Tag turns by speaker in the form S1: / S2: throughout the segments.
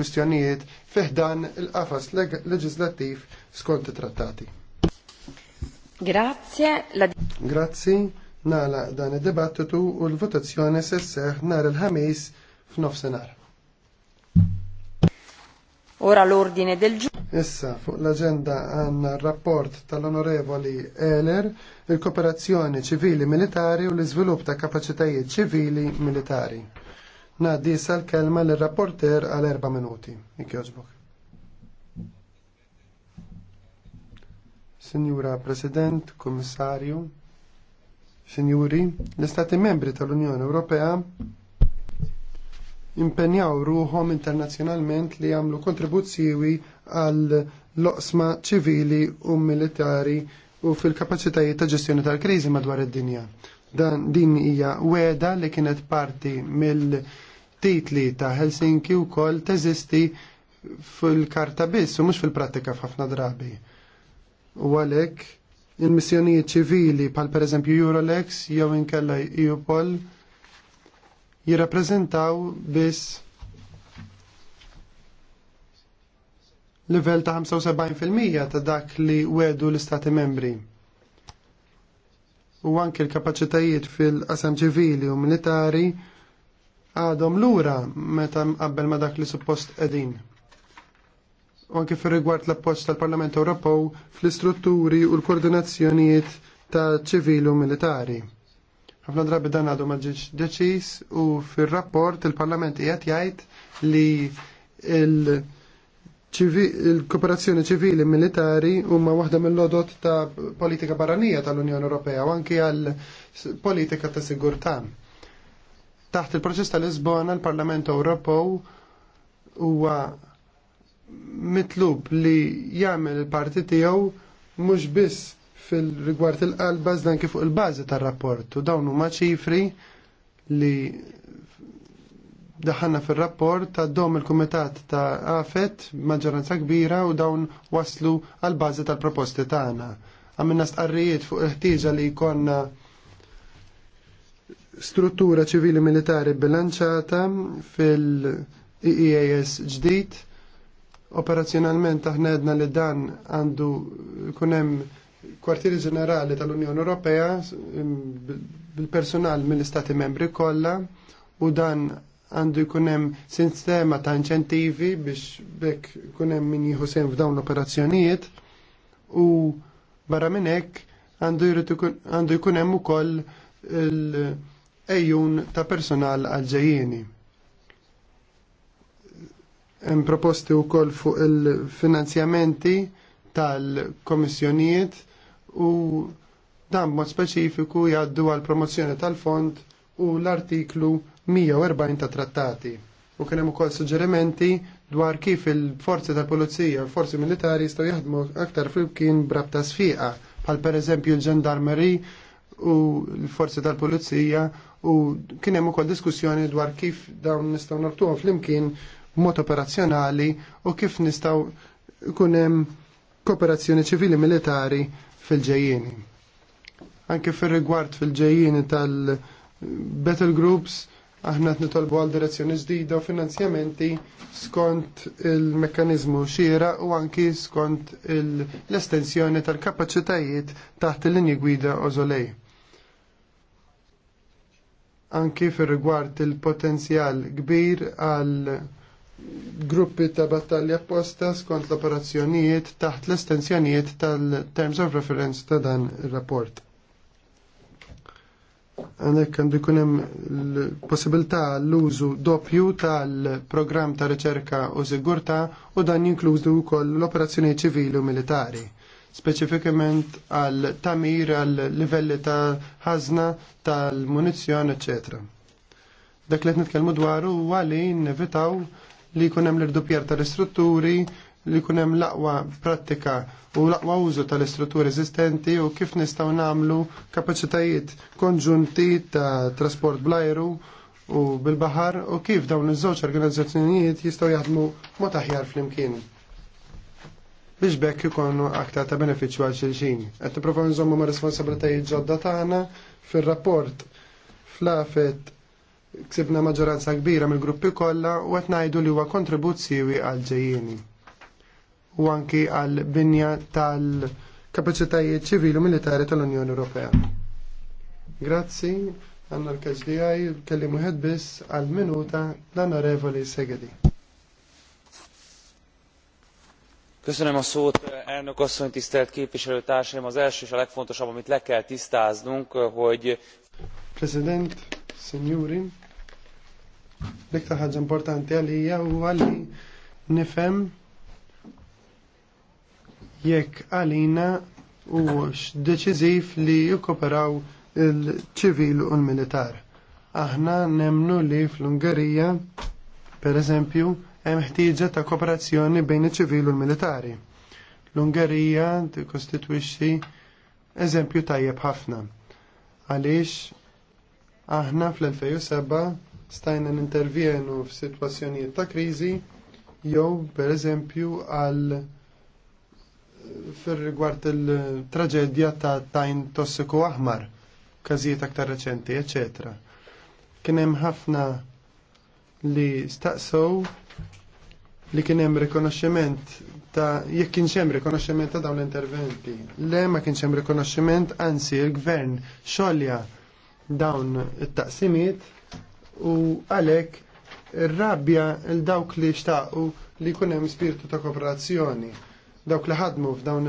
S1: kwistjonijiet fiħdan il-qafas leġislattiv skont trattati. Grazie. La... Grazie. Nala dan id-dibattitu u l-votazzjoni sesseħ nar il-ħamis senar. Ora l-ordine del giorno. Issa, fuq l-agenda għanna rapport tal-onorevoli Eler, il-kooperazzjoni ċivili militari u l-izvilup ta' kapacitajiet ċivili militari. Nadi sal-kelma l-rapporter għal erba minuti. Ikjożbok. Signora President, Kommissarju, Signori, l-Istati membri tal-Unjoni Ewropea impenjaw ruħom internazzjonalment li jagħmlu kontribuzzjiwi għal loqsma ċivili u militari u fil-kapacitajiet ta' ġestjoni tal-kriżi madwar id-dinja. Dan din hija weda li kienet parti mill- titli ta' Helsinki wkoll teżisti fil-karta biss u mhux fil-prattika f'ħafna drabi. U għalhekk il-missjonijiet ċivili bħal pereżempju Eurolex jew inkella EUPOL jirrappreżentaw biss livell ta' 75% ta' dak li wedu l-Istati membri. U anke l-kapacitajiet fil-qasam ċivili u militari għadhom lura meta qabel ma dak li suppost qegħdin. U anke fir rigward l-appoġġ tal-Parlament Ewropew fl-istrutturi u l-koordinazzjonijiet ta' ċivili u militari. Ħafna drabi dan għadhom ma ġiġ deċiż u fir-rapport il-Parlament qiegħed jgħid li l il-kooperazzjoni ċivili militari huma waħda mill-lodot ta' politika barranija tal-Unjoni Ewropea u anke għal politika ta' sigurtà. Taħt il-proċess tal-Lisbona l-Parlament Ewropew huwa mitlub li jagħmel il-parti tiegħu mhux biss fil-rigward il-qalba dan kif fuq il-bażi tar-rapport u dawn huma ċifri li daħanna fil-rapport ta' dom il-Kumitat ta' Afet maġġoranza kbira u dawn waslu għal bażi tal-proposti tagħna. Għamilna stqarrijiet fuq il-ħtieġa li jkollna struttura ċivili militari bilanċata fil-EEAS ġdid. Operazzjonalment aħna edna li dan għandu kunem kwartieri ġenerali tal-Unjoni Ewropea bil-personal mill-Istati membri kollha u dan għandu jkunem sistema ta' inċentivi biex bekk kunem min jieħu sejn f'dawn l-operazzjonijiet u barra minn hekk għandu jkun hemm ukoll il- ejjun ta' personal għalġejjeni. Hemm proposti wkoll fuq il-finanzjamenti tal-komissjonijiet u dan mod speċifiku jgħaddu għal promozzjoni tal-fond u l-artiklu 140 ta' trattati. U kien hemm ukoll suġġerimenti dwar kif il-forzi tal-pulizija u forzi militari jistgħu jaħdmu aktar flimkien brabta sfiqa, bħal pereżempju l-ġendarmeri u l-forzi tal-pulizija u kien hemm ukoll diskussjoni dwar kif dawn nistgħu nartuhom flimkien mod operazzjonali u kif nistgħu ikun hemm kooperazzjoni ċivili militari fil-ġejjieni. Anke fir-rigward fil-ġejjieni tal-battle groups aħna qed nitolbu għal direzzjoni ġdida u finanzjamenti skont il-mekkaniżmu xira u anki skont l-estensjoni tal-kapaċitajiet taħt il-linji gwida ożolej anki fir rigward il-potenzjal kbir għal gruppi ta' battalja apposta skont l-operazzjonijiet taħt l-estensjonijiet tal-Terms of Reference ta' dan il-rapport. Għanek għandu kunem l-possibilità l-użu doppju tal-programm ta' riċerka u sigurta u dan jinkludu wkoll l-operazzjoni ċivili u militari speċifikament għal tamir għal livelli ta' ħazna, tal-munizzjon, ecc. Dak li qed nitkellmu dwaru huwa li nevitaw li jkun hemm l-irdupjar tal-istrutturi li jkun hemm l-aqwa prattika u l-aqwa użu tal-istrutturi eżistenti u kif nistgħu nagħmlu kapaċitajiet konġunti ta' trasport blajru u bil baħar u kif dawn iż-żewġ organizzazzjonijiet jistgħu jaħdmu mod aħjar flimkien biex bekk ikonu aktar ta' beneficju għal xilxin. Qed nipprovaw nżommu ma' responsabilitajiet ġodda tagħna fir-rapport fl flafet ksibna maġġoranza kbira mill-gruppi kollha u qed ngħidu li huwa kontribuzzjoni għal ġejjeni. U anki għal binja tal-kapaċitajiet ċivili u militari tal-Unjoni Ewropea. Grazzi, għanna l-KHDI, kellimu muħed biss għal minuta l anorevoli Segedi. elnök asszony tisztelt képviselőtársaim! az első és a legfontosabb amit le kell tisztáznunk hogy. jekk għalina li jikkoperaw il-ċivil u l-militar. Aħna nemnu li fl-Ungerija, per eżempju, hemm ħtieġa ta' kooperazzjoni bejn iċ-ċivil u l-militari. L-Ungerija tikkostitwixxi eżempju tajjeb ħafna. Għaliex aħna fl-2007 stajna nintervjenu f'sitwazzjonijiet ta' kriżi jew pereżempju għal fir-rigward il-traġedja ta' tajn tossiku aħmar, każijiet aktar reċenti, eċetera. Kien hemm ħafna li staqsow li kien hemm rikonoxximent ta' jekk kienx hemm rikonoxximent ta' dawn l-interventi. Le ma kienx hemm rikonoxximent, anzi l gvern xolja dawn it-taqsimiet u għalhekk ir l dawk li xtaqu li jkun hemm spiritu ta' kooperazzjoni. Dawk li ħadmu f'dawn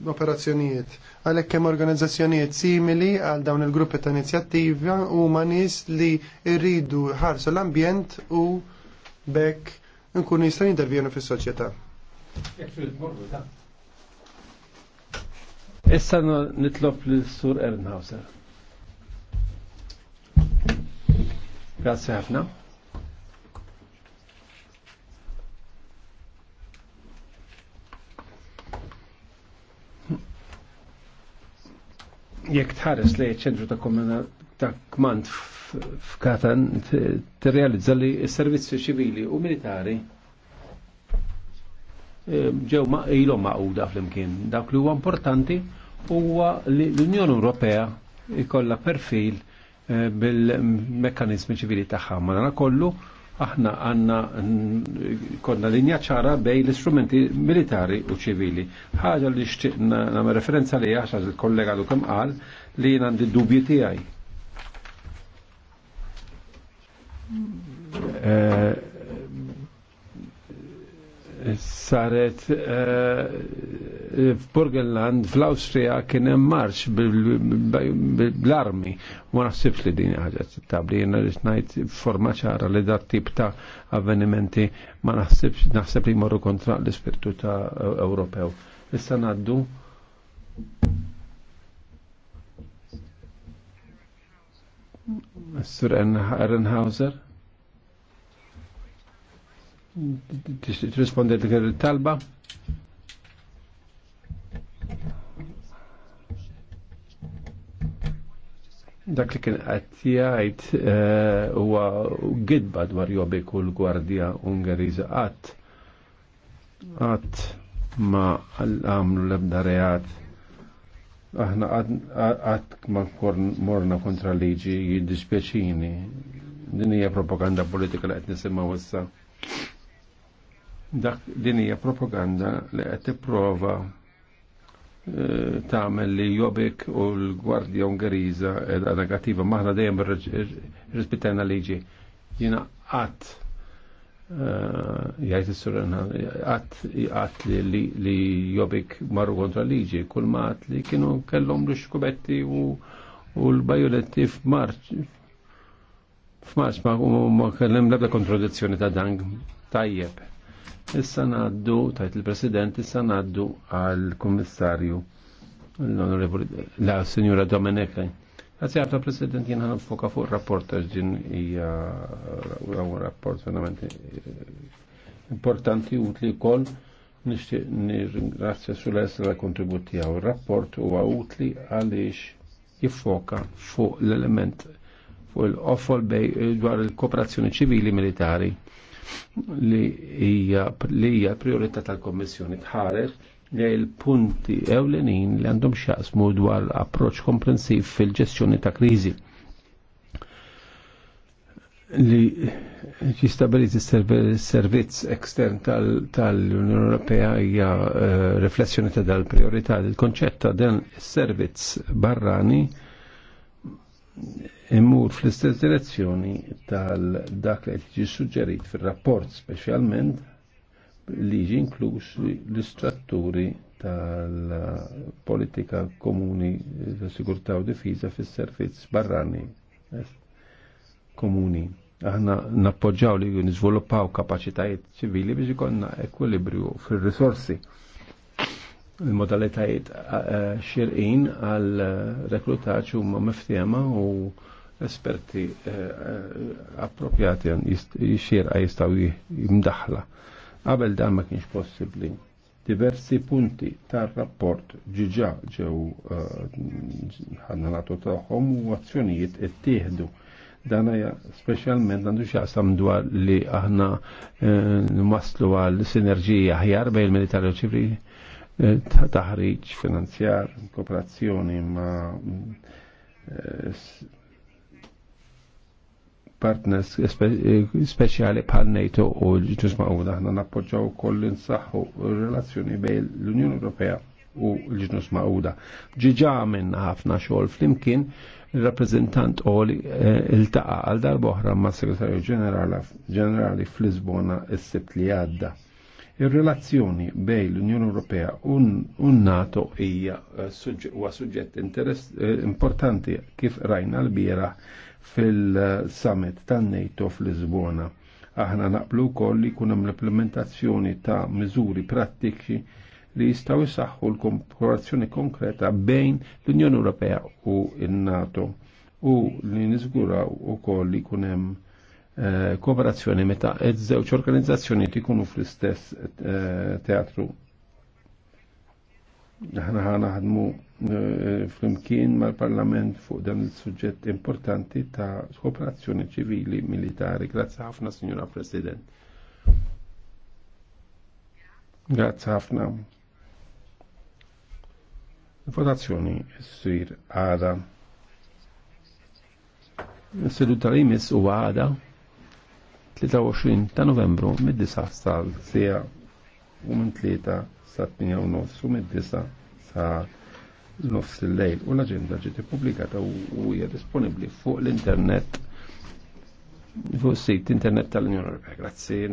S1: l-operazzjonijiet. Għalhekk hemm organizzazzjonijiet simili għal dawn il-gruppi ta' inizjattiva huma nies li rridu ħarsu l-ambjent u bekk nkun nista' jintervjenu fis-soċjetà.
S2: Issa nitlob l-Sur Ernhauser. Grazie ħafna. Jek tħares li ċentru ta' ta' kmand f'Katan t-realizza li s-servizzi ċivili u militari ehm, ġew ma' ilhom maquda flimkien. Dak li huwa importanti huwa li l-Unjoni Ewropea jkollha perfil eh, bil-mekkanizmi ċivili tagħha. Ma kollu aħna għandna konna linja ċara bej l-istrumenti militari u ċivili. ħaġa li xtiqna nagħmel referenza li għax il-kollega lukemm qal li jien għandi dubji tiegħi. Eh, saret eh, f'Burgenland fl austria kien hemm marx bl-armi u naħsibx li din ħaġa tabli jiena li ngħid forma ċara li dat tip ta' avvenimenti ma naħsibx naħseb li jmorru kontra l-ispirtu ta' Ewropew. Issa ngħaddu Sur Ehrenhauser. Trispondet il-talba? Dak li kien għattijajt eh, u għidba dwar jobbik u l-Gwardja Ungeriża għatt qatt ma għamlu l-ebda reat aħna għatt ma morna kontra liġi jiddispieċini din hija propaganda politika li qed nisimgħu wessa dak din hija propaganda li qed tipprova eh, tagħmel li Jobbik u l-Gwardja Ungeriża qiegħda negattiva maħna dejjem irrispittajna liġi. Jiena qatt eh, jgħid is-suran qatt qatt li jobek marru kontra liġi, kull ma qatt li kienu kellhom l-xkubetti u l-bajoletti f'Marċ f'Marċ ma kellem l-ebda kontradizzjoni ta' dang tajjeb Issa naddu, tajt il-President, issa naddu għal-Kommissarju, l-Onorevoli, la Signora Domenica. Għazzi għabta President, jena nfoka fuq rapport ġin hija un rapport verament eh, importanti utli kol nishtiq nirringrazzja sul-esra kontributi għaw. rapport huwa utli għalix jifoka fuq l-element fuq l offol bej dwar il-kooperazzjoni ċivili militari li hija li hija priorità tal-Kommissjoni tħares li l-punti ewlenin li għandhom xaqsmu dwar approċ komprensiv fil-ġestjoni ta' kriżi li jistabiliti servizz ekstern tal-Unjoni Ewropea hija eh, riflessjoni ta' dal-priorità. Il-konċett ta' dan is-servizz barrani Immur fl-istess direzzjoni tal-dak li qed suġġerit fir-rapport speċjalment li jiġi inkluż l-istratturi tal-politika komuni ta' sigurtà u difiża fis-servizz barrani komuni. Aħna nappoġġaw li niżviluppaw kapaċitajiet ċivili biex ikollna ekwilibrju fir-risorsi il-modalitajiet eh, xirqin għal eh, reklutaċ huma miftiema u esperti eh, appropjati xirqa jistaw jimdaħla. Qabel dan ma kienx possibli. Diversi punti tar rapport ġiġa ġew ħanna nagħtu tagħhom u azzjonijiet ittieħdu dan hija speċjalment għandu xaqsam dwar li aħna nwaslu għal sinerġija ħjar bejn il-militari u ċivili Eh, taħriġ finanzjar, kooperazzjoni ma' eh, partners eh, speċjali bħal NATO u l ġus ma'uda ħna nappoġġaw koll insaħħu relazzjoni bejn l-Unjoni Ewropea u l-ġnus ma'uda. Ġiġa minna ħafna xogħol flimkien il-rappresentant oli il-taqa għal darboħra oħra ma' segretarju ġenerali fl-Lisbona s sebt li għadda Ir-relazzjoni bej l-Unjoni Ewropea u NATO hija eh, huwa suġġett interess eh, importanti kif rajna l-biera fil-summit tan-NATO fl-Lisbona. Aħna naqblu wkoll li jkun hemm l-implementazzjoni ta' miżuri prattiċi li jistaw jisaxħu l-komparazzjoni konkreta bejn l-Unjoni Ewropea u n nato u li nizguraw u koll li kunem Eh, kooperazzjoni meta iż-żewġ organizzazzjoni ikunu fl-istess eh, teatru. Aħna ħanaħdmu eh, fl-imkien mal-Parlament fuq dan il-suġġett importanti ta' kooperazzjoni ċivili militari. Grazzi ħafna, Signora President. Grazzi ħafna. Votazzjoni s-sir għada. seduta li mis u għada. 23 ta' novembru mid-9 sal sija u minn 3 sa' 8 u nofs u mid-9 sa' nofs il-lejl u l-agenda ġiet ippubblikata u hija disponibbli fuq l-internet fuq sit internet tal-Unjoni Ewropea. Grazzi.